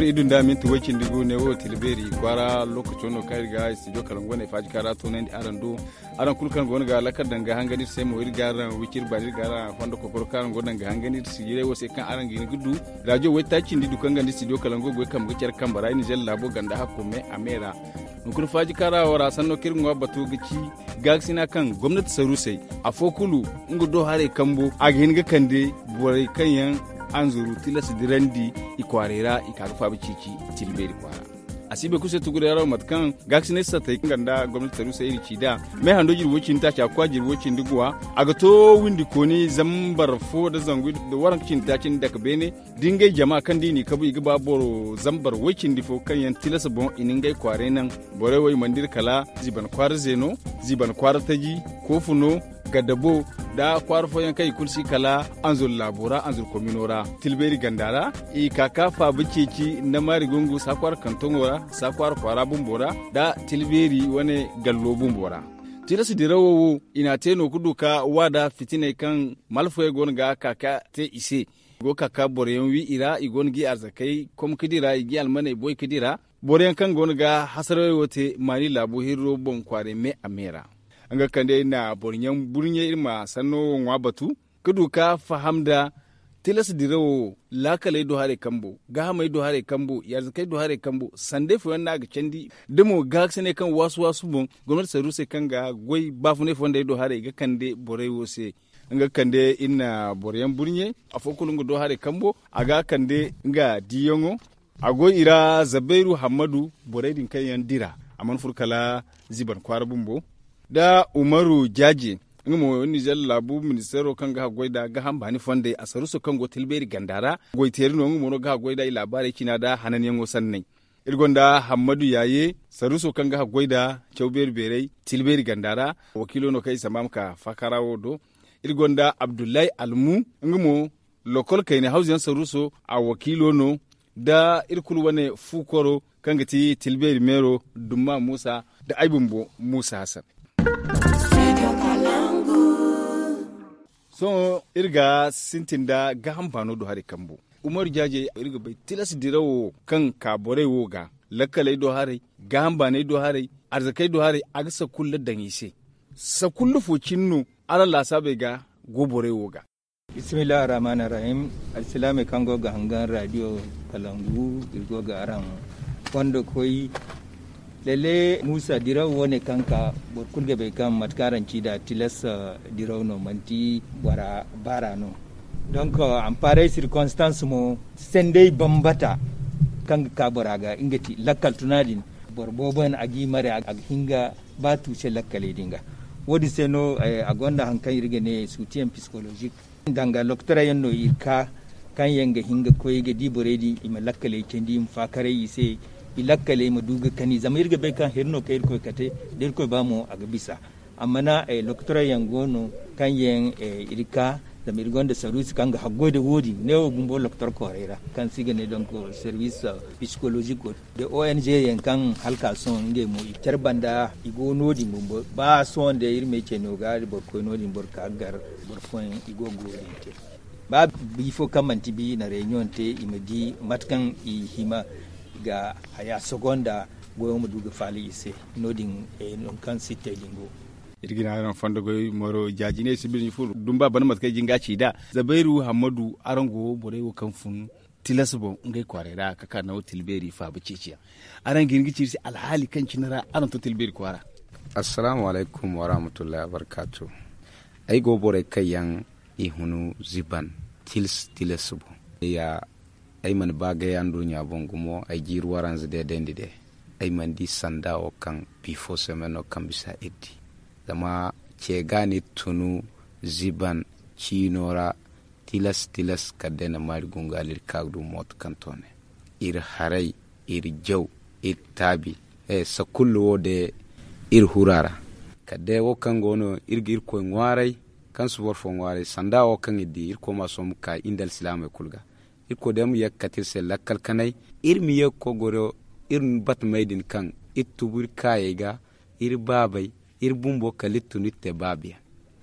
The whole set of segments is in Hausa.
bur idun da min tuwakin digo ne wo tilberi gwara lokacin no kai ga studio kalango ne faji kara to nan aran do aran kulkan gon ga lakar ga hangani sai mu ir garan wikir bani gara wanda ko kor karan gon danga hangani si yire wo sai kan aran gini gudu radio wai takin didu kan gandi studio kalan go kam go cer kan barai ni jella bo ganda hakko me amera nukun faji kara wara sanno kirin wa batu gici na kan gwamnati sarusai a fokulu ngudo hare kambo a gin ga kande borai kan yan zuru tilas dirandi ikwarera ikaga fabi cici tilberi kwara asibe kuse yaro matkan gaksine sa tay ganda gwamnati taru sai iri da mai hando jir wocin ta cha kwa jir wucin duguwa aga to windi koni zambar fo da zangu da waran cin ta cin daga bene dinga jama'a kan dini kabu iga baboro zambar wucin difo kan yan tilasa bon iningai kware nan bore wai mandir kala ziban kwar zeno ziban kwar taji kofuno ga dabo da kwarfoyan kai kulsi kala anzul labura anzul kominora tilberi gandara i kaka fa bikeki na mari gungu sakwar kantongora sakwar kwara bumbora da tilberi wane gallo bumbora tira su dirawo ina te no kuduka ka wada fitine kan malfoye gon ga kaka te ise go kaka boreyon wi ira igon gi arzakai kom kidira igi almane boy kidira boreyon kan gon ga wote mani labu hirro bon kware me amera anga kande na bornyan burnye ma sanno wa batu kudu ka fahamda tilas dirawo lakalai do hare kambo ga mai do hare kambo zakai do hare kambo sande fu wannan ga candi dimo ga sene kan wasu wasu bon gwamnati saru kan ga goi fu ne fonda do hare ga kande borai wose nga kande ina boryan burnye afokulungu do hare kambo a ga kande nga diyongo goyi ira zabairu hamadu borai din kan yan dira aman furkala ziban kwara da umaru jaji ngumo nijar labu ministero kan ga goida ga hamba ni fonde asaruso kan go tilberi gandara goiteri no ngumo ga goida ila bare kina da hanan yango sannai irgonda hamadu yaye saruso kan ga goida chawberi berei tilberi gandara wakilo no kai samam ka fakarawo do irgonda abdullahi almu ngumo lokol kayne hausen saruso a wakilo no da irkul wane fukoro kan ga ti tilberi mero dumma musa da aibumbo musa hasan so irga sintin da ga hambano do hari kambu umar jaje irga bai tilas dirawo kan kabore woga lakalai do hari ga hambane do hari arzakai do hari agsa kullu dangise sa kullu focinno ala la sabe ga gobore woga bismillahir rahmanir rahim assalamu e kango ga hangan radio kalangu irgo ga aran wanda koyi lele musa dirau wone kanka bor kulge be kam matkaranci da tilas dirau no manti wara bara no donc en pareille circonstance mo sende bambata kanga ka boraga ingati lakkal tunadin bor a agi mare ag hinga ba tuce lakkale dinga wodi seno eh, a gonda hankan su soutien psychologique danga loctora yanno irka kan yanga hinga koyga di boredi ima lakkale kendi im fakare ilakkale mu duga kani zama irga be kan hirno ka irko kate dirko ba mu aga bisa amma na e eh, loktora yangono kan yen e irka da mi rigonda service kanga haggode wodi ne o gumbo loktor korera kan siga ne donc service eh, psychologique de ONG yen kan halka son nge mu itar banda igo nodi gumbo ba son de irme ce no gari bor ko nodi bor kagar bor ko igo gori te ba bifo kamanti bi na reunion te imedi matkan i hima ga haya sogonda goyo mu duga fali ise nodin e eh, non kan sitte dingo irgina ran fondo goy moro jajine sibin fu dumba ban mat kay jinga ci da zabairu hamadu arango bore wo kan fun tilasbo ngai kware da kana na tilberi fa bu ciciya aran gingi ci alhali kan nara aran to tilberi kwara assalamu alaikum wa rahmatullahi wa barakatuh go bore kayan ihunu ziban tils tilasbo ya ay man bagay andu nya bongumo ay jir waranz de dendi de ay man di sanda o kan bifo semen kan bisa eddi zama cegani tunu ziban cinora tilas tilas kadena mari gungalir kagdu mot kantone ir harai ir jaw ir tabi e sakullu wode ir hurara kade wo kangono irgir ko ngwarai kan subor fo ngwarai sanda o kan idi ir ko masom ka indal silama kulga ikodem yak katirse lakkal kanai irmi yak kogoro irin bat maidin kan itubur kayega ir babai ir bumbo kalittu nitte babia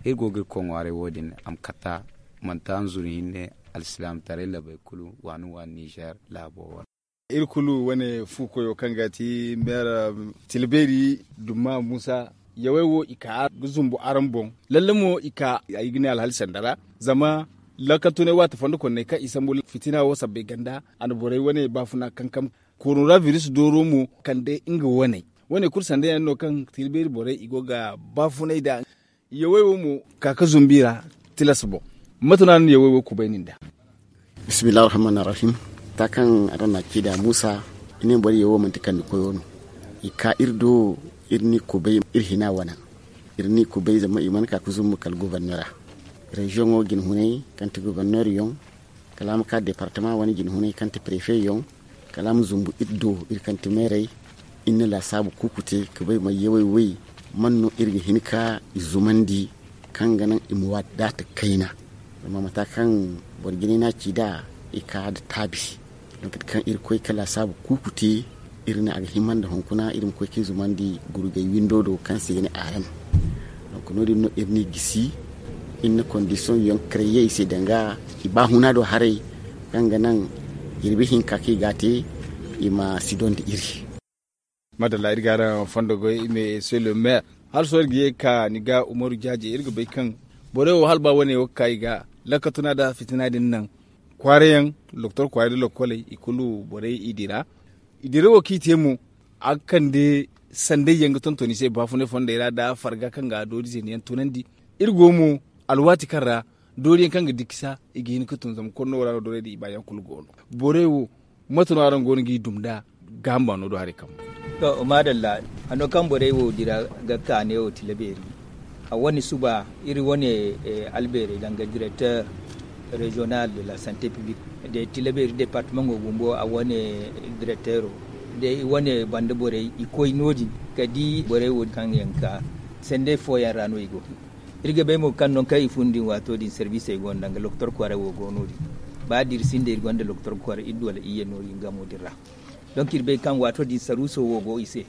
ir gogir kongware wodin am kata mantan zuri alislam tare labai kulu wani wa niger la labo irkulu wane fuko yo kangati mera tilberi duma musa yawewo ika guzumbu arambon lalle ika ayi gine zama ne wata fanda kone ka isa mu fitina wasa sabbe ganda an bore wane ba funa kankam corona virus doro mu kan de inga wane wane kursan de no kan tilberi bore igo ga ba funa da yawewo mu kaka zumbira tilasbo matunan yawewo ku bainin da bismillahir rahmanir rahim ta kan arana kida musa ine bari yawo mun tikan koyo no ika irdo irni kubai irhina wana irni kubai zama iman ka kuzum kal gubernara région o gin hunay kanti gouverneur yon kalam ka département wani gin hunay kanti préfet yon kalam zumbu iddo ir kanti merey inna la sabu kukute ke bai mai yawai wai manno irin hinka izumandi kan ganan imuwa da kaina kan matakan borgini na ci da ika da tabi lokacin kan ir koi kala sabu kukute na a himan da hankuna irin koi ke zumandi gurgai do kan sai ne aran don kuno no irin gisi une condition yon créé ici denga ba huna do hare kanga nan irbi hin kaki gati ima di iri madalla irgara fandogo ime c'est le maire so sorgi ka niga umaru jaji irga bai kan borewo hal ba wani kai ga lakatuna da fitina din nan kwareyan loktor kwari lokole ikulu bore idira idira wo kite mu akan de sande yanga tontoni sai fune fonda ira da farga kan ga dodi zeniyan tunandi irgo mu alwati karra kan ga dikisa igini kutun zam konno wala dore di bayan bore borewo matano aran gono gi dumda gamba no do hari kam to madalla ano kan borewo dira gakka ne o tilaberi a wani suba iri wani eh, albere danga directeur régional de la santé publique de tilaberi département gumbo a wani directeur da wani banda bore ikoi noji kadi borewo kan yanka sende foyan rano igo irge be mo kan non kay fundi wato din service e gonda ga doctor kwara wo gonori ba dir sinde ir e gonda doctor kwara iddu wala iye nori ngamo dirra donc irbe kan wato din saruso wo go ise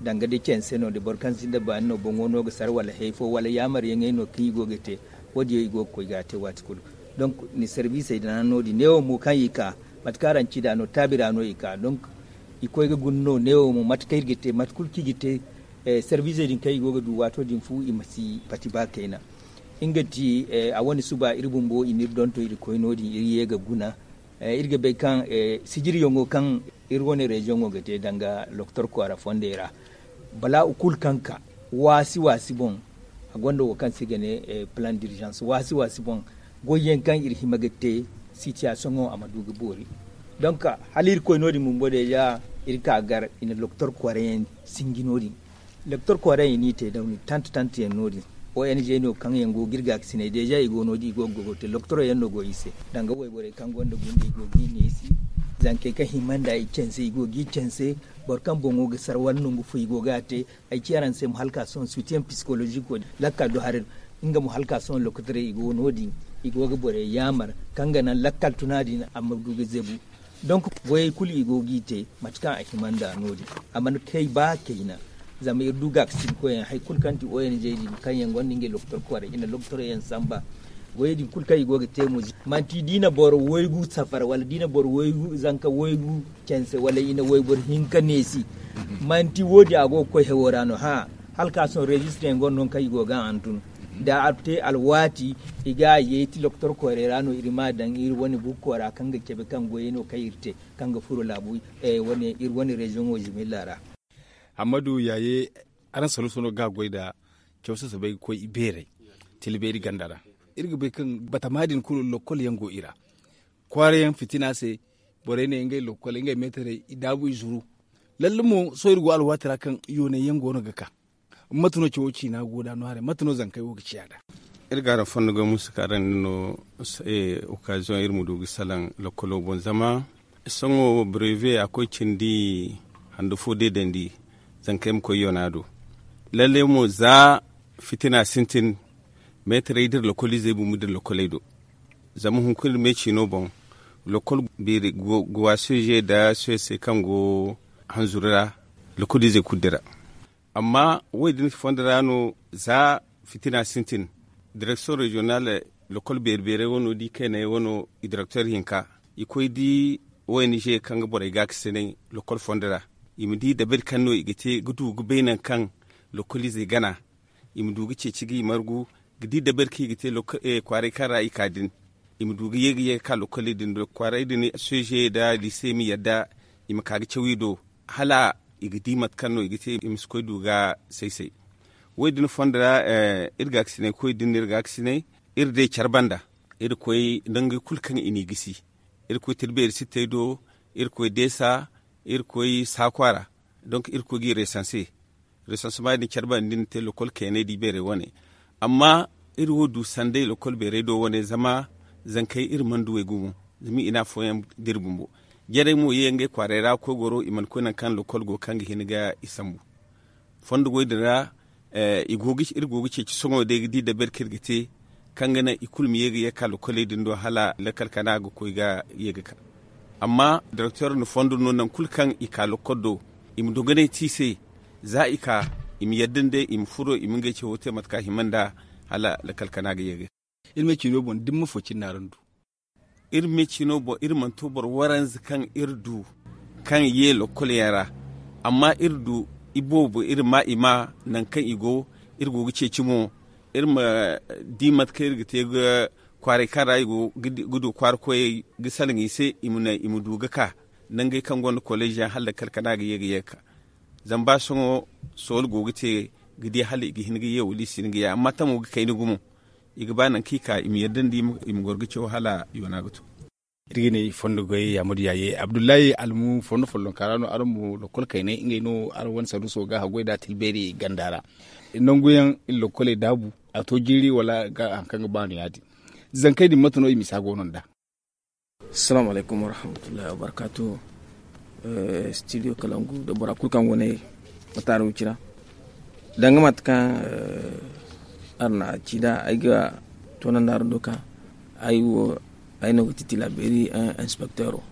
danga de cen seno de borkan sinde ba no bongo no ga sar wala hefo wala yamar yenge no ki go gete wodi e go ko gate wat kul donc ni service e dan no di neo mu kan yika matkaran cida no tabira no yika donc ikoy ga gunno neo mu matkair matkul ki Eh, service din kai goga du wato din fu i masi pati ba kaina ingati eh, a wani suba irbun bo inir don to iri koino din ir yega guna eh, irga be kan eh, sigir yongo kan ir woni region go te danga doctor ko ara fondera bala ukul kanka wasi wasi bon agondo wo kan sigene eh, plan d'urgence wasi wasi bon goyen kan iri himagate situation go amadu gbori donc halir koino din mumbo de ya irka gar ina doctor ko ara yen singinodin lector ko ray ni te da ni tant tant en nodi o en je no kan yango girga sine ja igo nodi go go te lector no go ise danga way bore kan gonda gundi igo gini isi zanke ka himanda i chense igo gi chense bor kan bongo ga sarwan no ngu fu igo gate ai kiaran sem halka son soutien psychologique lakka do harir inga mu halka son lector igo nodi igo ga bore yamar ga nan lakkal tunadi amma go gugu zebu donc voye kuli igo gite matkan a himanda nodi amma kai ba kai na zama ir dugak sin ko en hay kul kanti o en di kan yen gon ninge doctor ko ina doctor yan samba di kul kay goge temu manti dina bor woygu safar wala dina bor woygu zanka woygu kense wala ina woybor hinka nesi manti wodi ago ko heworano ha halka son registre en gon non kay goga antun da abte alwati iga yeti doctor korerano irma dan ir wani bukkora kanga kebe kan goyeno kayirte kanga furo labu e eh, wani ir wani region o jimilara hamadu yaye aran salu sono ga goida kyausa su bai ko ibere tilberi gandara irga bai kan bata madin kulu lokol yango ira kware yan fitina se bore ne ngai lokol ngai metere idabu izuru lallumo so irgo alwatira kan yone yango no gaka matuno ci na goda no hare matuno zankai wo ciyada fannu ga musu karan no sai e, occasion irmu dugu salan lokolo bon zama songo breve akwai cindi handu fo dendi tankem ko yonado lalle mu za fitina sintin metre idir lokol zai bu mudir lokol do zamu hun kul me chino bon lokol biri guwa suje da su se kango hanzurira lokol zai kudira amma wai din fondara no za fitina sintin direction regional lokol berbere wono di kene wono directeur hinka ikoy di wayni je kanga bore gak sene lokol fondara imidi di bed kano no igite gudu gubenan kan lokoli zai gana dugi ce cigi margu gidi da bed ki igite eh, kware kan ra'i kadin imdu dugi yegi ye ka lokoli din do kware din soje da lisemi yadda imka gi do hala igidi mat kan no igite imisko duga sai sai wai din fondra eh, irga aksine koy din irga aksine irde charbanda ir koy dangi kulkan ini gisi ir koy tilbe ir sitaido ir koy desa irkoy sakwara donc irkogi recensé recensement ni kerba ndin te lokol kene di bere wone amma irwo du sande lokol bere do wone zama zankai ir mandu e gumu zami ina foyam dirbumbo jere mu yenge kwarera ko goro iman kunan kan lokol go kangi hiniga isambu fondu go dira eh, igogi ir gogi ce songo de di da berkir gite kangana ikul mi yege yakal lokol din do hala lakal kana go koiga yege kan amma directeur no fondo no nan kulkan ika lokodo im dogane tise za ika im yaddinde im furo im ngai ce wote matka himanda hala la kalkana ga yege irme cino bon dimma fo cinnaran du irme cino bo irman to bor waran kan irdu kan ye lokol yara amma irdu ibo ibobo ma ima nan kan igo irgo gice cimo irma dimat ka irga kware karai go gudu kwar koye gisalin ise imuna imudu gaka nangai kan gwani college halla kalkana ga yega yeka zan ba songo sol go gite gidi hal igi hin gi li sin gi ya mata mo gi kayni gumo igi nan kika imi yaddan di im gorgi cho hala yona gutu irgine fondo goy yamudu yaye abdullahi almu fondo follon karano armu lokol inga ingay no arwan sadu so ga hagoi da tilberi gandara goyan lokole dabu a to jiri wala ga hankan banu yadi zankai din matano imisa gonon da assalamu alaikum warahmatullahi wa uh, eh, studio kalangu da bura kulkan wone matara wucira gama ta kan eh, arna cida aiga tonan da doka aiwo aina wuti tilaberi an eh, inspectoro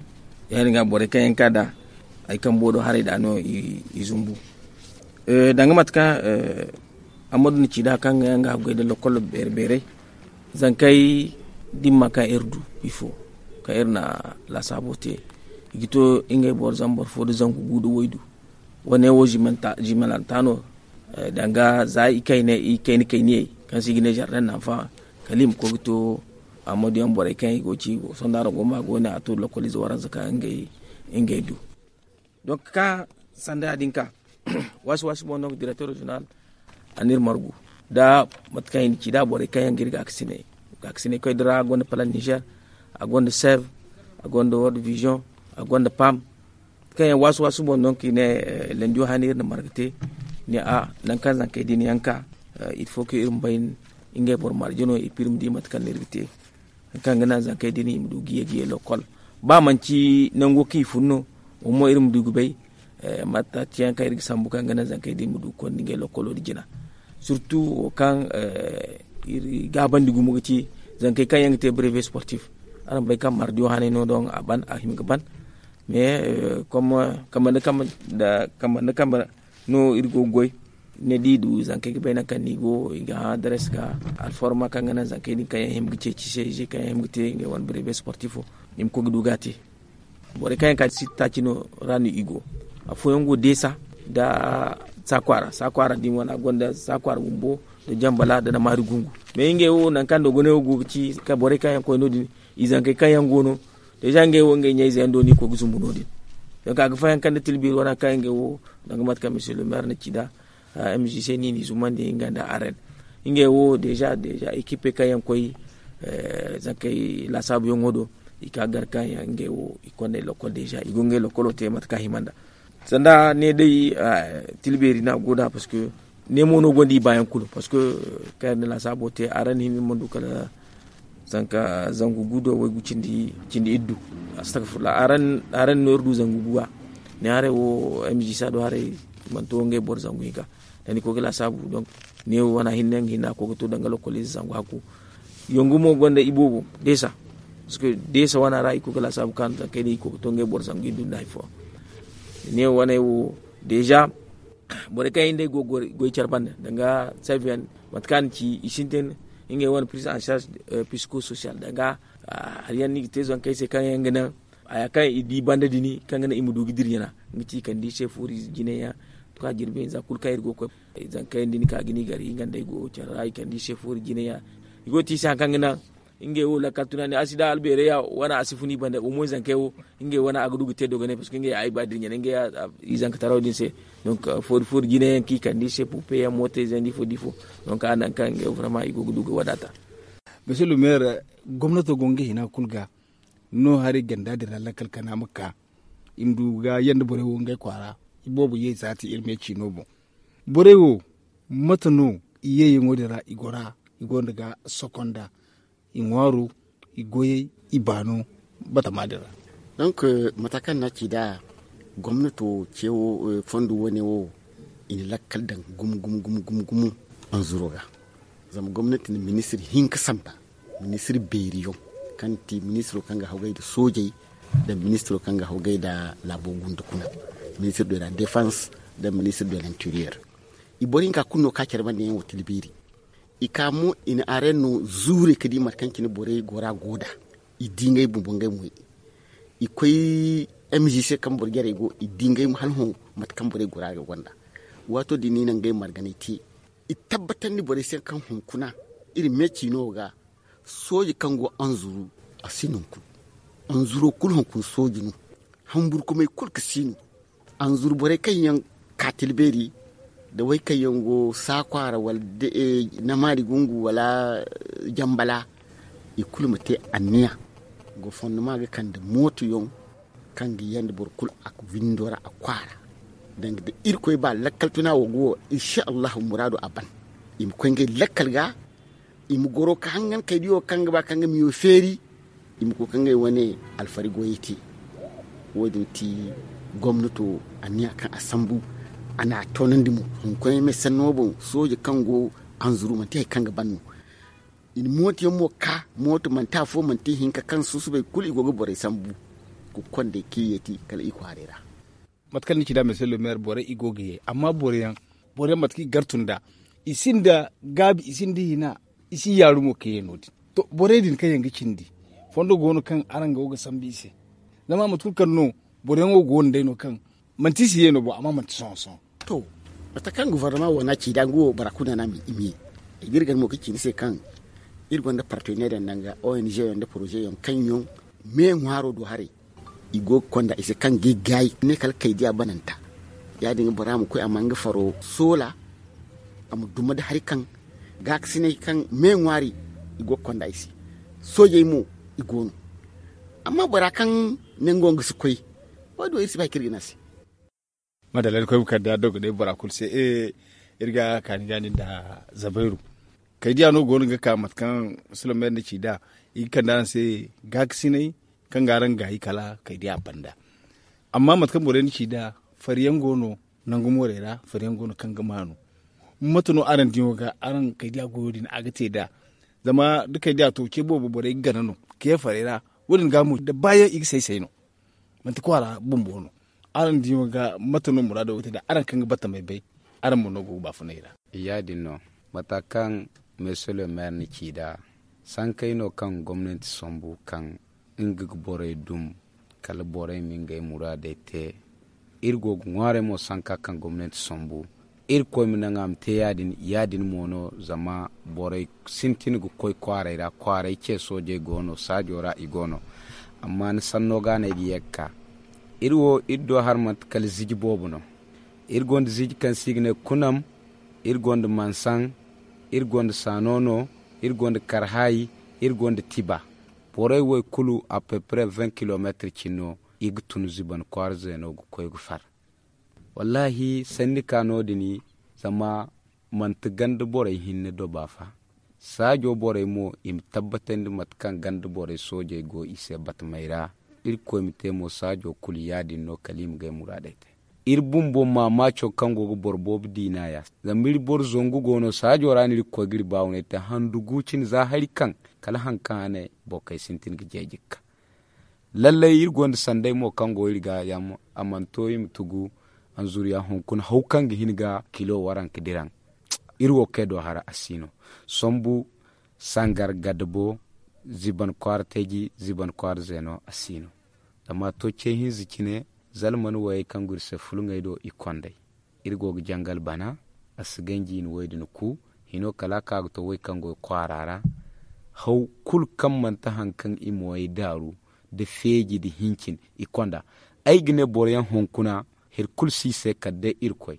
yani ga bore kayan kada yi kan bodo hari da zumbu. izumbu gama ta kan amadu ni cida kan ga ga da lokol berberai. zan kai dimma ka erdu ifo ka erna la sabote gito ingay bor bor fo zan ku gudu woydu wane wo jimenta jimelantano tano eh, danga za ne kai kainiye kan sigine jardin na fa kalim ko gito amodi on bor kai go ci go sondaro go ma go na to lokoli waran zaka ingay ingay du donc ka sanda dinka wasu wasu bonok directeur regional anir margu da matkan yin ci da bore kayan girga aksine aksine koy dara gonde pala niger a gonde sev a gonde world vision a gonde pam kayan wasu wasu bon donc ne eh, len jo hanir na margate ni a nan kan zan kay din yanka eh, il faut que irin bayin inge bor marjono e pirum di matkan nirgite kan gana zan zankai dini imdu giye giye lokol ba man ci nango ki funno o mo irum dugu bay eh, mata tiyan kay rig sambu kan gana zan zankai dini imdu kon ninge di jina surtout kan gaban dugu muga ci zan kai kan yang te brevet sportif aran bai kan mardio don aban a him comme ne da ne no goy ne di du zan kai bai na kan go adres ga alforma kan ngana zan kai ni kan him gice ci sai je kan him gite ga wan brevet sportif nim ko gudu gati bore kan ka sita cino rani igo afoyango desa da sakwara sakwara dimo na gonda sakwara bumbo da jambala da na mari gungu me inge wo nan kando gone wo ci ka bore kayan ko no di izan kai kayan gono de jange wo nge nyai zan do ni ko gusum no di da ka ga fayan kande tilbi wona kayan ge wo da ga mat ka monsieur le maire na kida mjc ni ni zuman di inga da aren inge wo deja deja equipe kayan koy e, zan kai la sabu yongodo ikagar kayan nge wo ikone lokol deja igonge lokolo te mat ka himanda sanda ne dai tilberi na goda paske nemo no gondi bayan kulu paske kayar na sabo te aran himin mandu kala zanka zangu gudo wai gu cindi cindi iddu astagfirullah aran aran no irdu zangu guwa ne are wo mg sa do are man to nge bor zangu ga dani ko la sabu donc ne wana hinnen hinna ko to danga ko les zangu haku yongu mo gonda ibubu desa parce que desa wana rai ko la sabu kan ta kedi ko to nge bor zangu iddu nai fo ni wane wu deja bore kay inde go go charbande danga seven matkan ci isinten inge wan prise en charge eh, psycho social danga ah, hariyan ni te zon kay se kan ngena aya kay di bande dini kan ngena imudu gidir yana ngici kan di chef uri jineya to ka jirbe za kul kayir go ko zan kay dini ka gini gari ngande go charra kan di chef uri jineya go ti sa kan ngena inge wo la katuna ne asida albere ya wana asifuni o moins zanke wo inge wana agdugu te dogane parce que inge ay badri nyane inge ah, izan ka tarawdin se donc ah, for for gine ki kandi se pour payer moté zandi fo difo donc ah, an kan inge vraiment igo dugu wadata monsieur le maire gomnato gonge hina kulga no hari ganda dira la kalkana maka ga yanda bore wo nge kwara ibobu ye zati irme chinobo bore wo matano iye yingodira igora igondaga sokonda inwaro igoye ibano bata madara don ku euh, matakan na da gwamnato ce euh, fondu wani wo in lakkal da gum gum gum gum gum an zuro ga zama gwamnatin ministri hin kasan ba ministri beriyo kan ti ministro kan ga haugai da sojai da ministro kan ga haugai da labogun dukuna ministre de la défense da ministre de interior i ka kunno ka kerma ne wo tilbiri ikamu in are no zure kadi markan kini bore gora goda i dingai bumbungai mu i koi mgc kan burgere go i dingai halhu mat kan bore gora ga wanda wato dini nan gai marganiti i tabbatar ni bore sen kan hunkuna iri meci no ga soji kan go an zuru a sinin ku an zuro kul hunkun soji nu hambur kuma kul kasinu an zuru bore kan yan katilberi da wai ka yango sakwara wal de eh, na mari gungu wala eh, jambala ikulu mate aniya go fonno maga kan da motu yon kan gi yande bor kul ak windora a kwara dan da irko ba lakkal tuna wo go insha Allah muradu aban im ko ngi lakkal ga im goro ka hangan kai diyo kan ba kan mi yo feri im ko kan ngai wani alfari goyiti wodin ti a niya kan asambu ana tonin dimu koy me sanno bo kan kango an zuru man kan kanga banno in moti mo ka moto man ta fo man tihin hinka kan su su bai kuli gogo bore sambu ku konde kiyeti kala iko harira matkan ni da monsieur le maire bore igogiye amma bore yan bore matki gartunda da gabi isindi hina isi mu ke nodi to bore din kayen gicindi fondo gonu kan aranga san sambise nama matkul kan no bore ngo gonu dai no kan mantisi yeno bo amma manti son son to kan gouvernement wana ci dangu barakuna na mi imi girgan mo kiki se kan irgon da partenaire nanga ONG yon da projet yon kan yon me ngwaro do hare igo konda ise kan gi gai ne kal kai dia bananta ya dinga baramu mu ko amanga faro sola am duma da hari kan gaksi ne kan me ngwari igo konda ise soje mu igon amma bara kan nengo ngi su koi wado isi ba kirgina si madalar ko ka da dogo da bara kulse e eh, irga kan jani da zabairu kai dia no gon ga kamat kan sulaiman ne ci da i kan dan se gaksi ne kan garan gayi kala kai dia banda amma matkan bore ni ci da fariyan gono nan gumo rera fariyan gono kan gamano matuno aran dinwo ga aran kai dia goyodin agate da zama duka dia to ke bobo bore ganano ke farera wurin gamu da bayan igisai sai no mantikwara bumbono aran di ga matano murada wote da aran kan bata mai bai aran mu nogo ba funaira iya dinno matakan mesolo mer ni kida san kai no kan gwamnati sombu kan ingig bore dum kala bore min ga murada te irgo ngware mo ka kan gwamnati sombu ir min mi am te yadin yadin mono zama bore gu koy kware ra kware ke soje gono sajora igono amma ni sanno gane gi yekka irwo ido har harmat kal zigi bobu no irgond kan signe kunam irgond mansan irgond sanono irgond karhai irgond tiba boray wo kulu a peu près 20 km cinno ig tun ziban kwarze gu koygu far wallahi sanni dini zama manta gand boray hinne do bafa sajo boray mo im mat kan gand boray soje go ise batmaira ir komite mo sajo no kalim gay muradaite ir bumbo mamaco kango go borbob dina ya zamir bor zongu no sajo ranir ko gir bawne ta handugu cin za hari kala hankane bokai sintin gejejikka lallai ir gonda sandai mo kango irga yam amantoyim tugu an ya hunkun haukan ga hinga kilo waran kidiran irwo kedo hara asino sombu sangar gadbo ziban kwar ziban kwar asino amma to ziki ne zalman wai kan se fulngay do ikonde irgo jangal bana asiganji in waydin ku hino kala ka to kan go kwarara hau kul kan man ta hankan imoy daru da feji di hincin ikonda ai gine boryan honkuna her kul si se kadde irkoi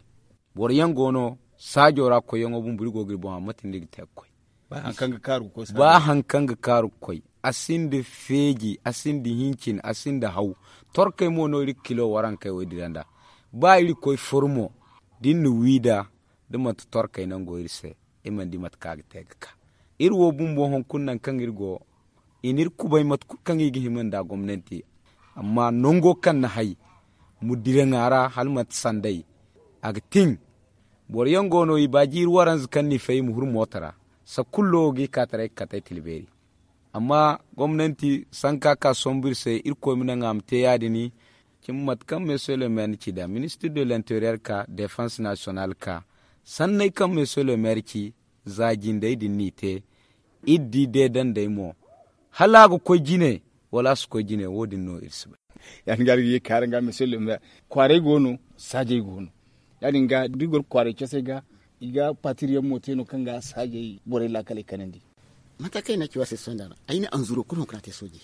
boryan gono sajora ko yango bun burgo gir amatin dig tekko ba ga karu ko ba hankanga karu koi asinde feji da hinkin da hau kai mo no ri kilo waran kai wadi danda ba iri koi formo din no wida de mat kai nan go irse e man di mat kaga ka ir wo bumbo hon kunnan kan irgo inir kubai mat kan igi himan da gwamnati amma nongo kan na hai mu direngara hal mat sandai ag ting bor ba no iri waran kan ni fay mu hur motara sakullo gi katare katai e tilberi amma gwamnati sanka ka sombir sai irko mina ngam te yadini kin matkan monsieur le maire ki da ministre de l'intérieur ka défense nationale ka sannai kan monsieur le maire ki zagin dai dinni te iddi de dan dai mo halago ko jine wala su ko jine wodin no irsiba yani gar yi karan ga monsieur le maire kware gonu saje gonu yani ga digor kware kese ga iga patiriyan moteno kanga sage bore la kale kanandi mata kai na kiwa sonda aini anzuro kun kuna te soji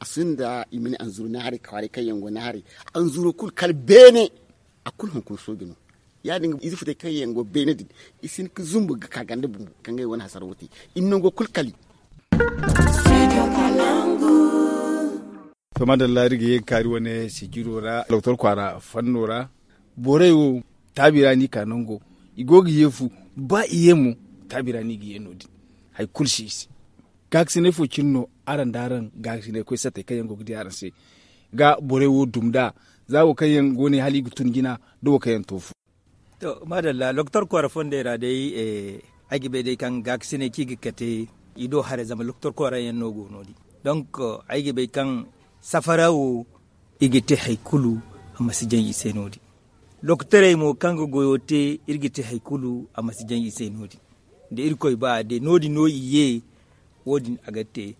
asun da imini anzuro na hari kawari kai yango na hari anzuro kul kal bene a kulon kun soji no ya dinga izi fute kai yango bene din isin ku zumbu ga kagande bumbu kangai wani hasar wuti inno go kul kali to madalla rige yin kari wani sigirora doktor kwara fannora borewo tabira ni kanongo igogi yefu ba iyemu tabira ni enodi hay kulshis ne fo cinno aran daran ne ko sate kayen gogi gidi aran se ga bore wo dumda za wo kayen gone hali gutun gina do kayen tofu to madalla doctor ko rafon de ra dai e eh, agibe dai kan ne kigi kate ido hare zama doctor ko rayen no go nodi donc eh, agibe kan safarawo igite haykulu amma sijan nodi loktere mo kango goyote irgite haikulu a masijan ise nodi da irkoi ba da nodi no iye wodin agate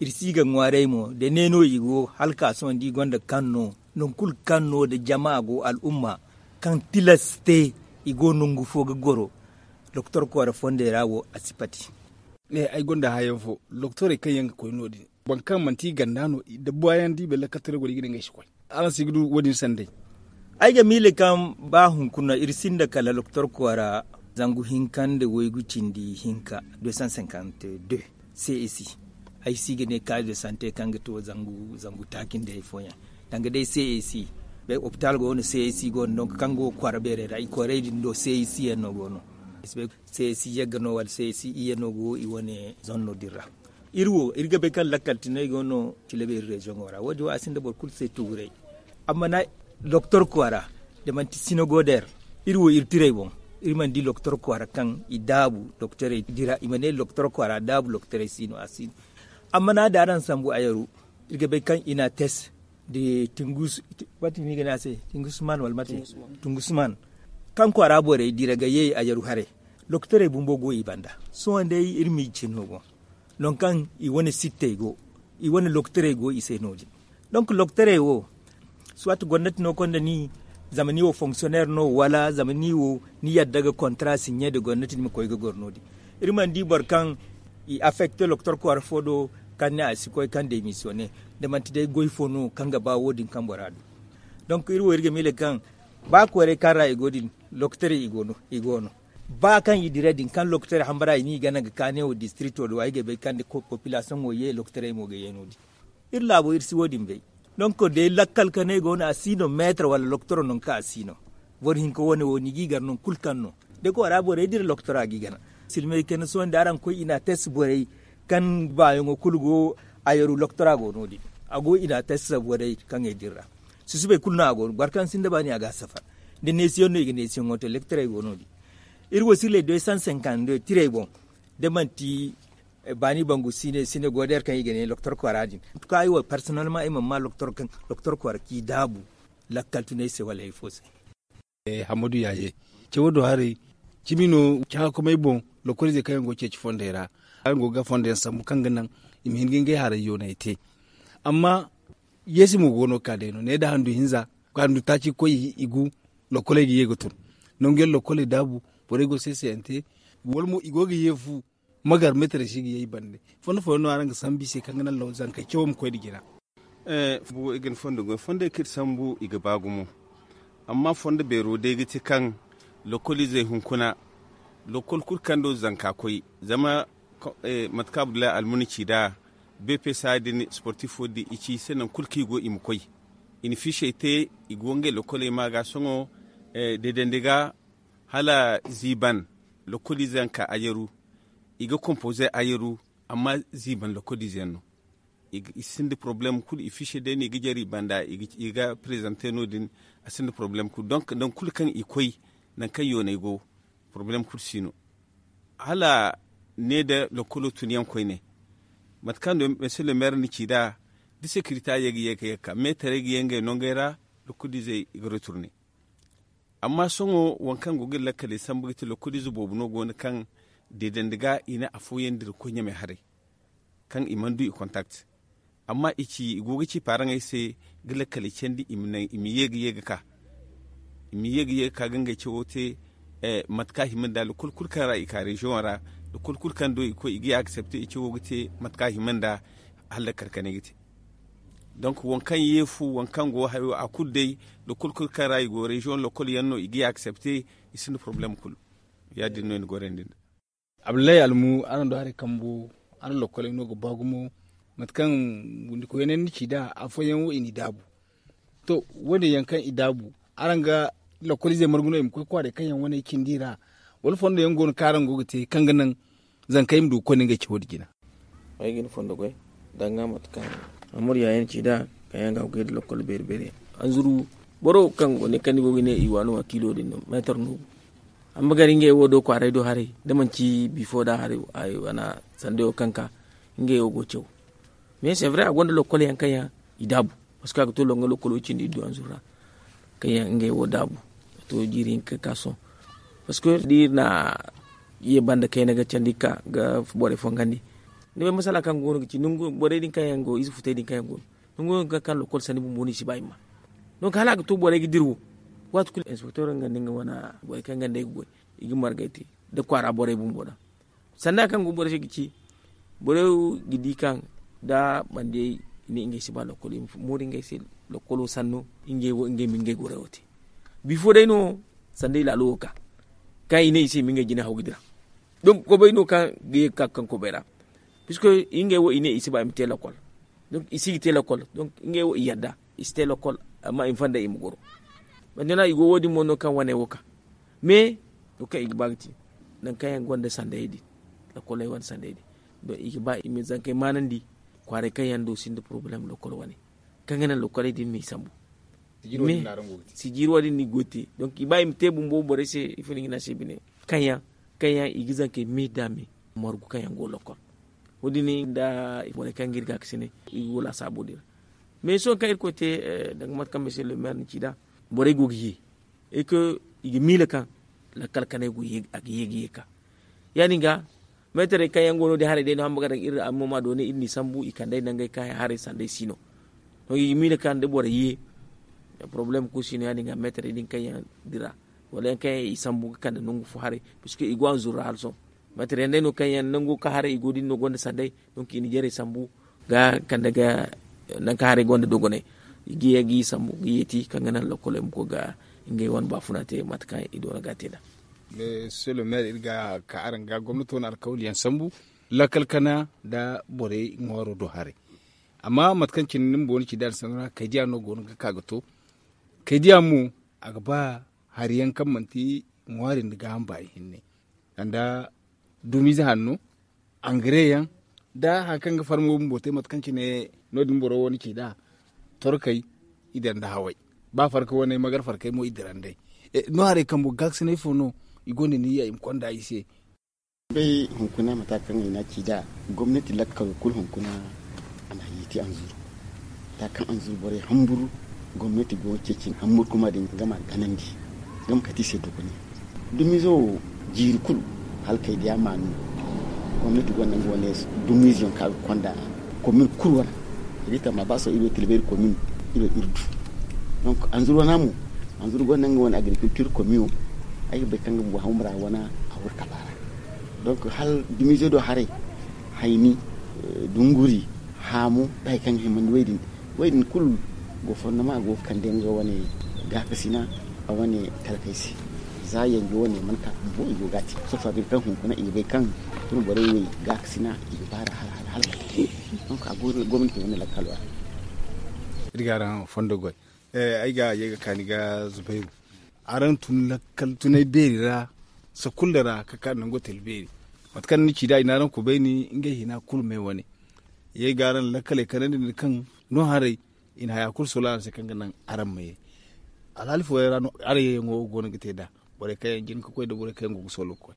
irsiga nware mo da neno igo halka son di gonda kanno non kul kanno da jama'a go al'umma kan tilaste igo nungu foga goro doktor ko ara fonde rawo asipati ne ai gonda hayan fo doktor e kai yanga koy nodi ban kan manti gandano da bayan di bella katare gori gidan gashi koy ala sigdu wodin sande aiga mile kam ba hunkuna irsinda kala loktor kwara zangu hinkande woygu cindi hinka 252 cesi ay sigene cas de santé kange to zangu zangu takinde foya tange de cesi be hôpital go no cesi go donc kango kwara bere ra i kwara din do cesi en no gono isbe cesi yegno wal cesi iyeno go i woni zone dirra irwo irga be kan lakkal tinay go no tilebe region wara wodi asinde bor kul se tugure amma doctor kuwara demanti sinogoder irwo irtirey bon irman di doctor kuwara kan i daabu doctere dira imane doctor kuwara daabu doctere sino asin amma na daran sambu ayaru irga be kan ina test de tingus wati ni gana se tingusman wal mati tingusman kan kuwara bore dira ga yey ayaru hare doctere bumbo go ibanda so ande irmi chinogo non kan i woni sitte go i woni doctere go i senoji donc doctere wo soit gwamnati no konda ni zamani wo fonctionnaire no wala zamani wo ni yadda ga contrat signé de gwamnati ni koy ga iri man di kan i affecté docteur ko arfodo kan ne asi koy kan démissionné de manti dai goy fono kan ga ba wodin kan borado donc irwo irge mile kan ba ko re kara igodin docteur igono igono ba kan yi dire din kan docteur hambara ni gana ga kane wo district wo wa ge be kan de population wo ye docteur mo ge yenodi iri labo ir si wodin donc de lakkal kane go na asino maître wala docteur non ka asino woni hin ko woni woni gigar non no de ko ara bore dir docteur agigana silme ken da ndaran ko ina test bore kan bayongo kulgo ayoru docteur ago nodi ago ina test bore kan e dirra susube kulna go barkan sinda bani aga safa de nation no ignation ngoto lecture go nodi irgo sile 252 tire bon demanti Eh, bani bangu sine sine goder kan igene doctor ko aradin ka yi wa imam ma doctor kan doctor ko ki dabu la kaltune se wala ifose e eh, hamadu yaye ce wodo hari cimino kya ko mai bon lokori je kayango ce ci fondera ayango ga fonden sam kan ganan imin ginge hare yonete amma yesi mu gono kadeno ne da handu hinza ko handu ko igu lokole gi yego tun nongel lokole dabu borego sesente wolmo igogi yefu magar mitar mitre ga yayi bande fondo fondo aranga sambi se kangana law zanka kewum ko digina eh bu igen fondo go fondo kit sambu iga bagumu amma fondo rode ga giti kan lokoli zai hunkuna lokol do zan ka koi zama eh, matka abdullahi almunici da bepe sadin sportifo di ichi senan kulki go im koi in fishe te igwonge lokole ga songo eh, dedendiga hala ziban lokoli zanka ayeru iga composé ayeru amma ziban la codizeno isindi problème kul ifishe den iga jari banda iga présenter no din asindi problème ku donc don kul kan ikoy nan kan yo go problème kul sino hala ne da lokolo tuniyan koy ne matkan do monsieur le maire ni cida di sécurité yegi yeka yeka metere gi yenge nongera lokodize iga retourner amma songo wankan gogel la kale sambugiti lokodize bobu no go kan dandiga ina a afu dir ko mai hare kan imandu i contact amma ci igogici paranga sai gila kalicendi imna imi yegi yegi ka imi yegi ka ganga ci wote eh, matka himin da kul kan ra'i ka region ra kul kan do iko igi accept gogi ci matka himin da halle karkane gite donc kan yefu kan go hayo da kulkul kan ra'i go region local yanno igi accept isin problem kul ya dinno en gorendin abdullahi almu ana do hari kambo ana lokole no go bagumo matkan wundi ko yenen ci da afoyen wo ini dabu to wani yankan idabu aranga lokole zai marguno im ko kware kan yan wani kindira wal fondo yan gon karan go te kanganan zan kai mu ko ninga ci wodi gina wai gin fondo goy danga matkan amur yayin ci da kayan ga go lokole berbere anzuru boro kan go ne kan go ne iwanu wakilo din metar nubu amma gari ringa wo do kwarai do hari da ci before da hari ayi wana sande o kanka nge wo go cew mais c'est vrai a lo kole yan kanya idabu parce que to longa lo kolo cindi do anzura kanya nge yiwo dabu to jiri nka kaso parce que dir na ye banda kayna naga chandika ga bore ngandi ne be masala kan gono ci nungu bore din kanya go isu fute din kanya go nungu ga kan lokol sani bu moni ci bayma donc hala to bore gi dirwo wat kul inspector nga ninga wana boy ka nga ndeg boy igi margaiti da kwara bore bu mboda sanda kan go bore shi bore gidi kan da bande ni inge balo ko lokol mo inge shi lokolo sanno inge wo mi minge gore wote before dai no sanda ila loka kan ine isi minge jina hawgidra donc ko bay no kan gi ka kan ko bera puisque inge wo ine isi ba imte lokol donc isi te lokol donc inge wo yadda iyada iste lokol amma infanda imugoro maintenant igo wodi mono kan wane woka mais doka iga bagti nan kayan gwanda sanda la kola yawan sanda yidi don ba ime zankai manandi kware kan yando sin da problem lokol wane kan ganan lokol yidi mai sambu sijiri wadi ni gote donc iba im tebu mbo bore se ifini ngina se bine kanya kanya igizan ke mi dami morgu kanya go lokol wodi ni da wala kan girga kisine igola sabo dira mais so kan irkote eh, dangamat kambe se le maire ni cida bore gu gi e ke igi mile kan la kalkane gu yi agi yegi ka yani ga metere kan yango no de hare de no hamba gadan irra amma ma do ne inni sambu ikandai nangai kaya hare sandai sino no igi mile kan de bore yi ya problem ku sino yani ga metere din kan dira wala kan yi sambu kan da nungu fu hare puisque i gwan zura halso metere ndai no kan yan nangu ka hare igodi no gonda sandai donc ini jere sambu ga kan daga nan ka hare gonda dogone igi yagi sambu yeti kangana lokole mko ga ingai wan ba funate matkan ido na da me selo mer irga ka aran ga gwamnati wani alkawali yan sambu lakalkana da bore ngoro do hare amma matkan kin nim boni ki dar sanura kai dia no gon ga to kai jiya mu aga ba hariyan kan manti ngwarin ga hamba hinne anda dumi za hannu angreyan da hakan ga farmo bote matkan ne no dimboro woni ki da torkai idan da hawai ba farko wani magar farkai mo idiran dai eh, no are kan bu gaksi ne fo no igone ni ya im konda ise be hunkuna matakan ina ki da gwamnati lakkar kul hunkuna ana yi ti an zuru ta kan an zuru bare hamburu gwamnati go kekin hambur kuma da gama ganan di gam kati se kuni dumi zo jiri kul halkai da ya manu gwamnati gwannan gwane dumi zion ka kwanda komin kurwar rita ma ba su ido kilbir komin ido irdu donc an zuru namu an zuru gwanan wani agriculture komiyo ai bai kan gabu hamra wana a wurka bara donc hal dimijo do hare haini eh, dunguri hamu yi kan himan waidin waidin kul go na ma go kan denga wani gafisina a wani talkaisi zayen yiwuwa ne manta bo yo gati so fa bin kan hun kuna bai kan tun bore we gaksina bara hal hal hal don ka gore gwamnati wannan lakalwa irgaran fondo goy eh ai ga ye ga kaniga zubairu aran tun lakal tunai ra sa kullera ka kan ngo telberi matakan ni cida ina ran ku ni inga hina kul mai wani ye garan lakale kanan ni kan no hare ina ya kul sola se kan nan aran mai alhalif wa rano are ye ngo gona gite da bore kayen jin ko koy da bore kayen go solo ko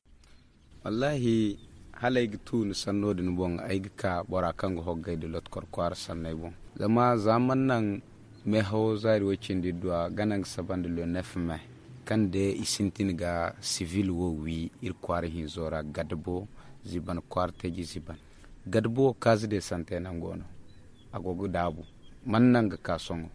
wallahi halay gi sanno sannode no bon ay gi ka bora kango hoggay de lot kor kwar sannay bon zama zaman nan me ho zari wacindi dua ganang sabande le 9 mai kan de isintin ga civil wo wi ir kwar hin zora gadbo ziban kwar ji ziban gadbo kazi de sante nan gono agogo dabu man nan ga kasongo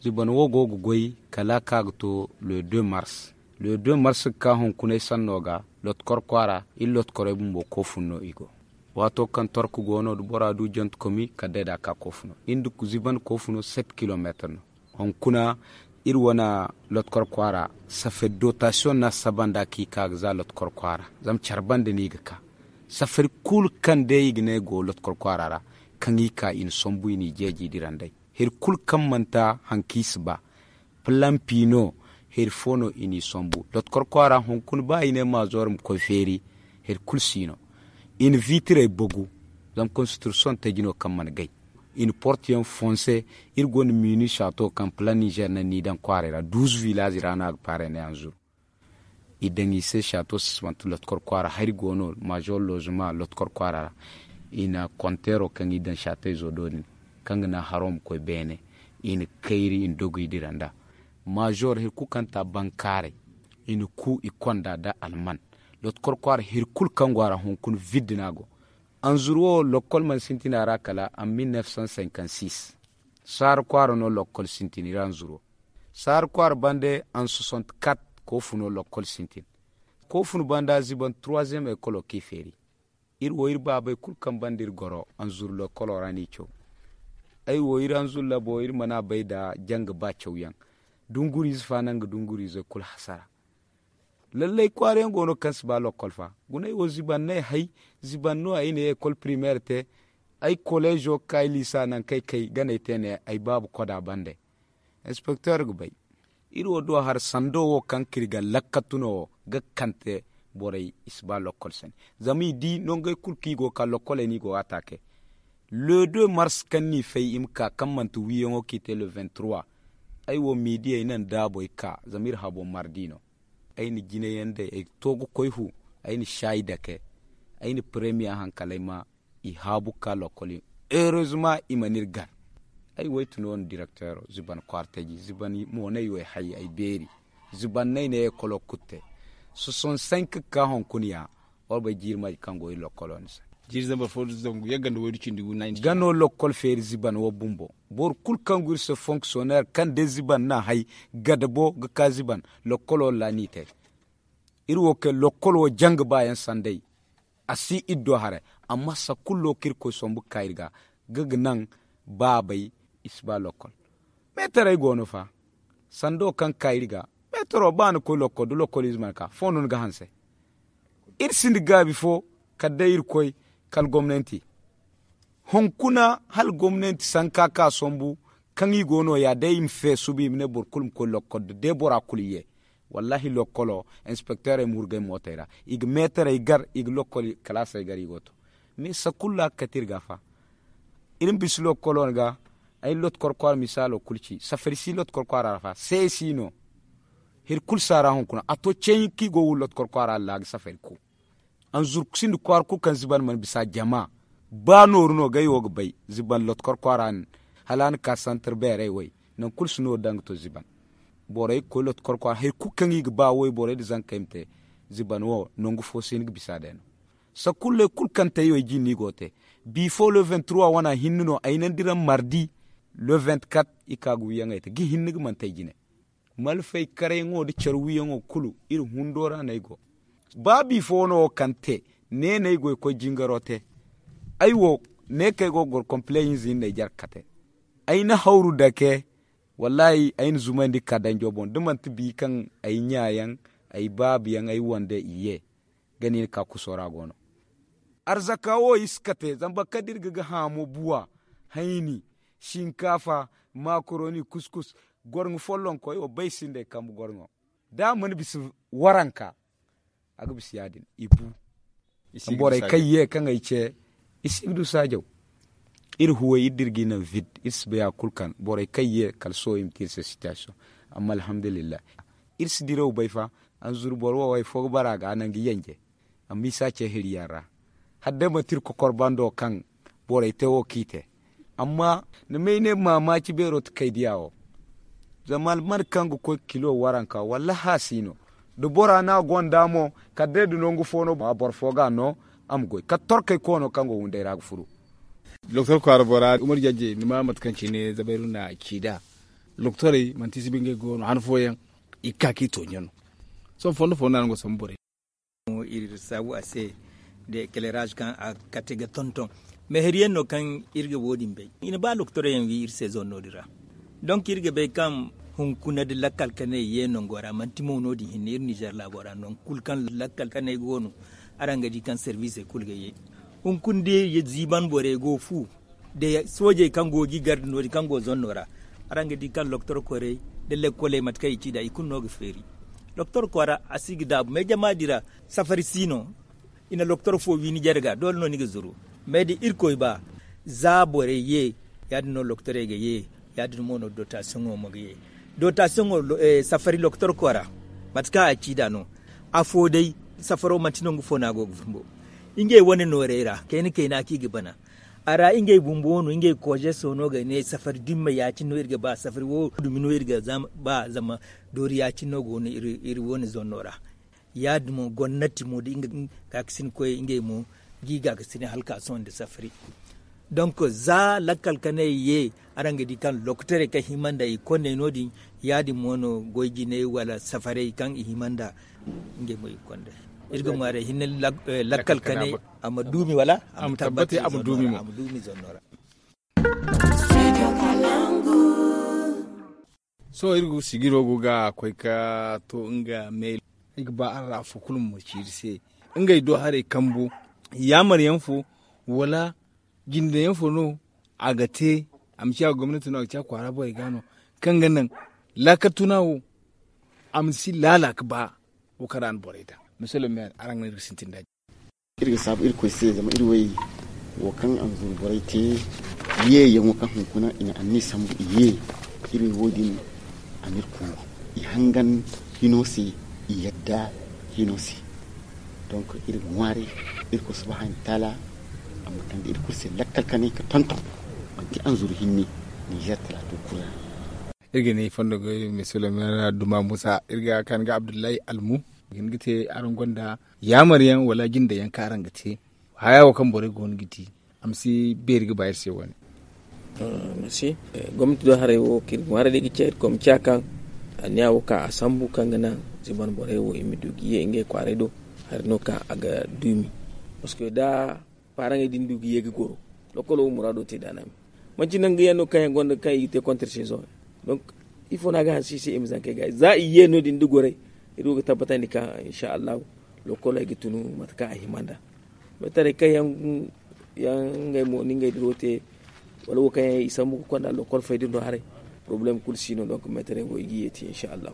ziban wo gogo goyi kala kagto le 2 mars le 2 mars ka honkunay sannoga lotkorko ara i lotkoro i e bumbo kofunno igo wato kan torku gono du bora du jont komi ka deda ka kofuno in duku ziban kofuno 7 kilometre no honkuna ir wona lotkorko ara sa fait dotation na sabanda ki ka za lotkorko ara zam carbande niga ka sa fait kul kan de igne go lotkorko ara ara kan yi ka in sombu ini jeji diranday her kul kam manta hankisba plan pino her fono ini sombu lot korkoara hunkun ba ine mazorum ko feri her kulsino in vitre bogu Dans construction tejino kamman gay in portion foncé il gon mini château kan plan niger na ni 12 villages rana pare ne anjour. i dangi se château smantu lot korkoara har gono major logement lot korkoara ina kontero kan i dan château zodoni na harom ko bene in kairi in dogu idiranda major hirku kanta bankare ini ku ikonda da alman lot korkwar hirkul kangwara hunkun vidinago anzurwo lokol man sintinara kala en 1956 sar kwaro no lokol sintinira anzurwo sar kwar bande en 64 ko funo lokol sintin ko funu banda ziban 3e ekolo kiferi ir woir baba kul kan bandir goro anzur lokol orani cho ay woir ir anzul labo ir mana bayda jang ba yang dunguri dunguris fa nanga dunguris kul hasara lallai kwaren gono kansu ba lokol fa guna wo ziban ne hai ziban no ai ne e kol primaire te ai collège kai lisa nan kai kai gane te ne ai babu koda bande inspecteur gubai iro do har sando wo kan kirga lakatuno ga kante borai isba lokol sen zami di no nonga kulki go ka lokol ni go atake le 2 mars kan ni fay imka kamantu wiyo kite le 23 ay wo midiya nan daboy ka zamir habo mardino ayni yende e togo koyhu shaida ke aini premier hankalay ma i habu ka lokoli heureusement imanir gar ay waitu non directeur zuban quarteji zuban monay way hay ay beri zuban ne e kolo kutte 65 ka hon kuniya orba jirma kango i jirzen ba fodu zongu ya ganda wadi chindi wuna gano lokol feri ziban wo bumbo bor kul kangur se fonctionnaire kan de ziban na hay gada bo ga ka ziban lokol o la nite wo ke lokol wo jang bayan sandai asi iddo hare amma sa kullo kirko ko sombu kairga gaga nan babay isba lokol metara gono fa sando kan kairga metaro bana ko lokol do lokol izman ka fonun ga hanse ir sindi gabi fo kadda ir koy kal gomnati honkuna hal gomnati sanka ka sombu kangi gono ya dai mfe subi mine bor kulum ko lokko de bora kuliye wallahi lokkolo inspecteur e murgay motera ig metere e gar ig lokkoli klasa e gar igoto mi sakulla katirga fa irin bis lokkolo ga ay lot korkoar misalo kulci safarisi lot korkoar arafa sesino hir kul sara honkuna ato cenki go lot korkoar lag safari ku an zur zurkusindi kwarku kan ziban man bisa jama ba noruno ga yoga bay ziban lot korkoran halan ka santar bere way nan kul suno dang to ziban boray ko lot korko hay ku kan yi ba way boray zan kaimte ziban wo nongu fo sin gi bisa den sa kulle kul kan te yoy jini gote bi fo le 23 wana hinnuno aynan diran mardi le 24 ikagu yangaita gi hinnig man tay jine mal fay kare ngo de charwiyo ngo kulu ir hundora nay go baabi fono kante ne go ko jingarote wo ne ke go gor complain zin ne jarkate na hauru dake wallahi ndi kada kadan jobon duman tibi kan nyaayan ay ai babiyan ai wanda ye gani ka kusora gono wo iskate zamba kadir gaga hamo buwa hayni shinkafa makaroni kuskus gorngo follon ko yo baysinde kam gorngo da man bisu waranka aga bisiyadin ibu bora kayye kanga ice isibdu sajaw ir huwe idirgina vid isbeya kulkan bora kayye kalso imtirse situation amma alhamdulillah ir sidirew ubaifa an zur borwa way fog baraga anangi yanje amma isa ce hiriyara matir kokor bando kan bora tewo kite amma na maine mamaki bero ta kai diyawo zamal markan ko kilo waranka walla hasino do bora na gondamo kadde do nongu fono ma bor foga no am goy ka torke kono kango wunde ra furu docteur ko arbora umar jaje ni ma mat kanci ne zabairu na kida docteur manti sibinge gono han foyen ikaki to nyano so fono fono na ngo sombore mo ir sabu ase de éclairage kan a katega tonton mais heriyen no kan irge wodin be ina ba docteur yen wi ir saison no dira donc irge be kam hun kunadi lakkal kane yenon gora mantimo no di hinir niger la gora non kulkan lakkal kane gonu aranga di kan service kulge ye hun ye ziban bore go fu de soje kango gi gardi no kango zonnora aranga di kan doctor kore de le kole matkai ci da ikun no feri doctor kora asigi da me jama safari sino ina doctor fo wini jerga dol no ni zuru me di irkoy ba za bore ye yadno doctor ge ye yadno mono dotation mo ge ye dotation eh, safari loktor kwara matka akida no dai safaro matino ngufo na go gumbo inge wani kene keni na kigi bana ara inge no inge koje so no ga ne safari dimma ya ci no irga ba safari wo no irga zam ba zama dori ya ci no go ne iri, iri woni zonora ya dumo gonnati mo di inga ka koy inge mo giga kisin halka son da safari donc za lakkal kane ye di kan lokutere ka himanda i konne nodi yadi mono goji ne wala safare kan i himanda nge moy konde irgo mare hinne lakkal kane amma dumi wala am tabbati am dumi mo am dumi zonora so irgu sigiro guga koy ka to nga mail iga ba an kulum mo chirse ngay do hare kambu ya yanfu wala ginda ya fono a gate amshi a gwamnati na wacce kwara bai gano kan ganan laka tunawo amsi lalaka ba o karan boreta misalo me arang ne risintin daji. irga sabu irko sai zama irwai wa kan an zun borete ye yan kan hunkuna ina nisan sambu ye irin wodin amir kungo i hangan hinosi i yadda hinosi ka irga ngwari irko subhanahu amma kan da irkursi lakkalka ne ka tonton banki an zuru hinni nijar talatin kuran irga ne fondo go mai sulamara duma musa irga kan ga abdullahi almu gin gite aron gonda ya maryan wala da yanka aran gite haya wa kan bore gon giti amsi berga bayar se wani ah, merci eh, gomti do hare wo kir mara de gice kom a ni wo ka asambu kangana ziban bore wo imi dugiye inge kware do har no ka aga dumi parce que da paranga din dugi yegi goro lokolo murado te danami manci nan ga no kay gonde kay te contre saison donc il faut naga si si emzan kay gay za iye no din dugore iru ga tabbata ni ka insha Allah lokolo yegi tunu manda ahimanda tare kay yang yang ngay mo ni ngay te wala wo kay isamu ko na lokol fay do hare problème kul sino donc metere ngoy igi yeti insha Allah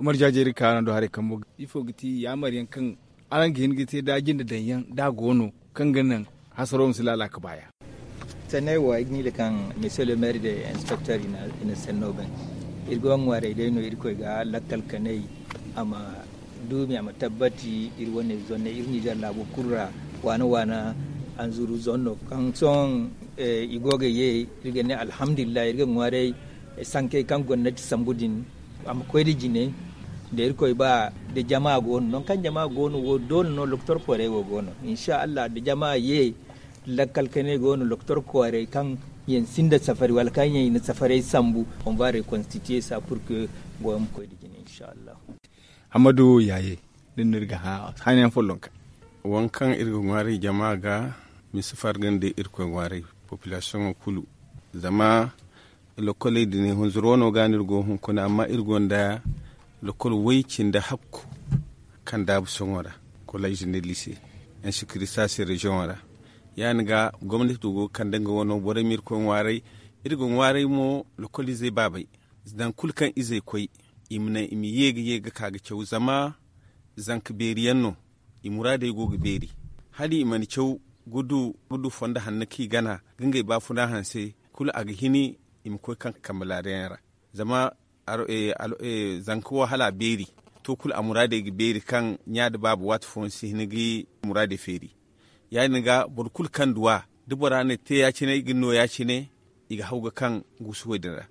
umar jajeri kana do hare kambo ifo giti yamar yankan aran gihin gite da jinda da danyan da gono kan ganin hasaron su lalaka baya tanewa ignile kan monsieur le maire de inspecteur ina ina senoben irgo ware de no irko ga lakkal kanai ama dumi ama tabbati irwane zonne irni jar labo kurra wana wana an zuru zonno kan son eh, igoge ye irgene alhamdulillah irgo ware eh, sanke kan gonnati sambudin am koyri jine der koy ba de jama gono non kan jama gono wo don no doctor kore wo gono insha Allah de jama ye lakal kene gono doctor kore kan yin sinda safari wal kan yin safari sambu on va reconstituer ça pour que am koy digin insha Allah Hamadu yaye din nirga ha hanen folonka wankan irgo ngari jama ga safar gande irko ngari population kulu zama lokole dine no ganirgo hun kuna amma irgon da l'école weycinda hakku kan daabu soŋora collège ne lycée insécurité ça c'est région ra yani ga gwamnati go kan danga wono bore mir ko warai irgo mo l'école zai babai dan kan izai koy imna imi yega yega kaga cew zama zank beriyanno imurada go beri hali imani cew gudu gudu fonda hanna ki gana gingai ba funa hanse kul aga hini im koi kan kamalare ra zama Eh, eh, zanki wahala beri to kul a murade beri kan da babu wat fon si murade feri ya niga ga kul kan duwa dubara ne te ya cine no ya cine iga ga kan gusu dara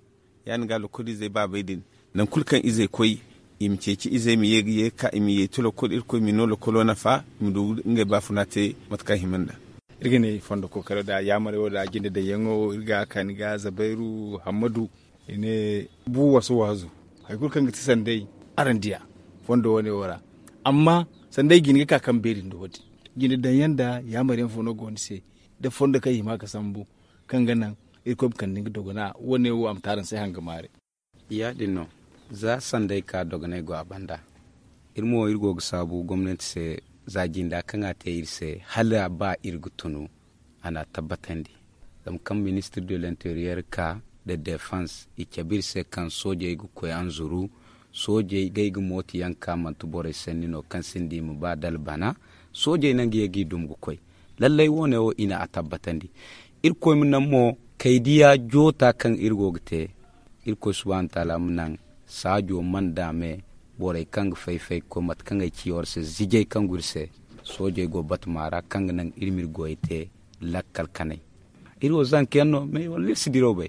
ya niga lokoli zai ba bai din nan kul kan ize koi im ceci ize mi yegi ye ka imi ye tulo kul irko mi no lokolo na fa mi do nge ba funate matkan himanda irgine fondo kokaro da yamare da jinde da yango irga kaniga zabairu hamadu ine buwa wasu wazu haikul kan gati sandai arandiya fondo wani wara amma sandai gini ka kan beri da wadi gini dan yanda ya marin fono goni se da fondo kai ma ka sambu kan ganan irkom kan ninga dogona wani am amtaran sai hanga mare ya dinno za sandai ka dogana go abanda irmo irgo ga sabu gwamnati se jinda kan a ta irse hala ba irgutunu ana tabbatan di kam kan ministre de l'interieur ka da defense i cabir se kan sojeygu koy an zuru sojey moti yan ka tubore bore sennino kan mu ba dal bana sojey nangi yegi dumgu koy lallai wone wo ina a tabbatandi mun nan mo kaydiya jota kan irgogite irkoy subhana taala minan sajo man dame boray kanga fayfay ko mat kanga ciyorse zijey kangurse sojai go batmara kanga nan irmir goyte lakkal kanay irwo zankenno mais wallirsidiro ɓay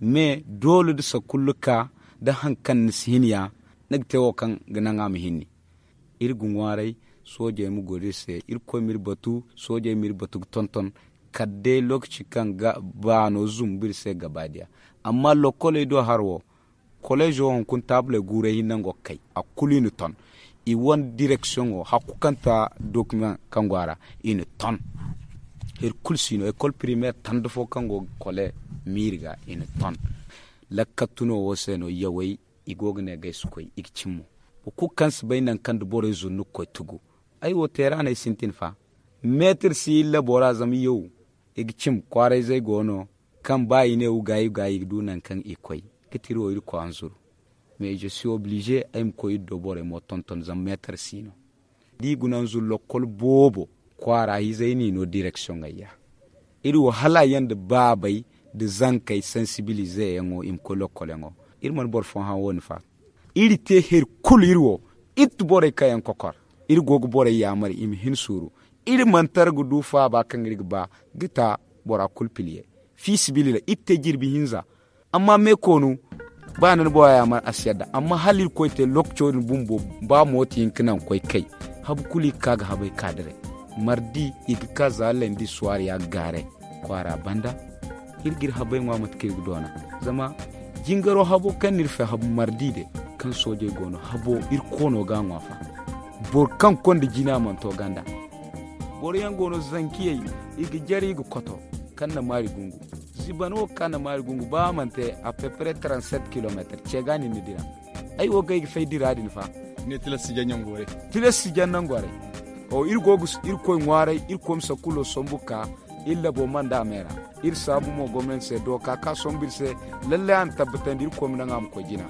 me dole da sakulluka da hankan nisihiniya na gite wo kan gina nga mihinni irgun warai soje mu gore se irko mir batu soje mir batu tonton kadde lokaci kan ga bano zum zumbir se gabadiya amma lokole do harwo college on kun table gure hinan go kai a ni ton i won direction o hakukanta document kan gwara ini ton hercule sino école primaire tande fo kango kole mirga in ton lakkatuno woseno yawai igogne ga sukoy igcimmo o ku bainan kan bore zunnu koy tugu ay wo terana sintin fa meter si la bora zam yau igcim kware zai gono kan bayi ne u gayu gayi dunan kan ikoy kitiro ir ko anzur mais je suis obligé aim koy do bore mo tonton zam meter sino di gunan lokol bobo kwara hizaini no direction ayya iri hala yanda babai da zankai sensibilize yango im kolo kolengo mon bor fon ha woni fa iri te her kul irwo it bore kay en kokor iri gogo bore yamar im hin suru iri tar gu du fa ba kan iri ba gita bora kul pilie fi sibilila itte jirbi hinza amma me konu ba nan bo mar asiyada amma halir koyte lokcho bumbo ba moti kinan koy kai kuli kaga habai kadare mardi idka zalen di soir ya gare kwara banda hirgir habai ngwa matke gudona zama jingaro habo kan nirfe habu mardi de kan soje gono habo ir kono ga ngwa fa bor kan kondi jina man to ganda bor yan gono zankiye igi jari ig koto kan na mari gungu zibano kan na mari gungu ba man te a peu près 37 km chegani ni dira ai wo ga fe dira din fa ne tilasi sijan tilasi janangore sijan o irgo ir ngware irko kulo sombuka illa bo manda mera ir sabu mo gomen se do ka ka sombir se lalle an tabbatan dir kom ngam ko jina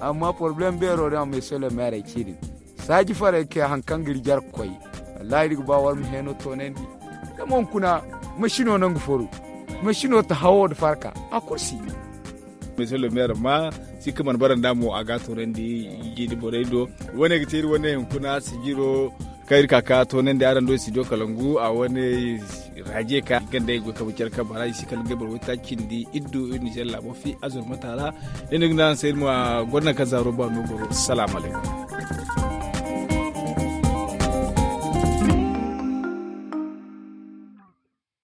amma problem be ro ram sele mere kidin saji fare ke hankan jar koy wallahi dig ba war mi heno to nendi da mon kuna machino nan guforu machino ta hawo da farka a kursi monsieur le maire ma si kaman baranda damo aga to rendi jidi boredo wonegi tiri wone kuna sigiro kair kaka to nan da yaran do studio kalangu a wani raje ka ganda yego ka bukyar ka bara shi kan gabar wata kindi iddo ni jalla bo azur matala ne nan sai mu gonna ka zaro ba mu goro alaikum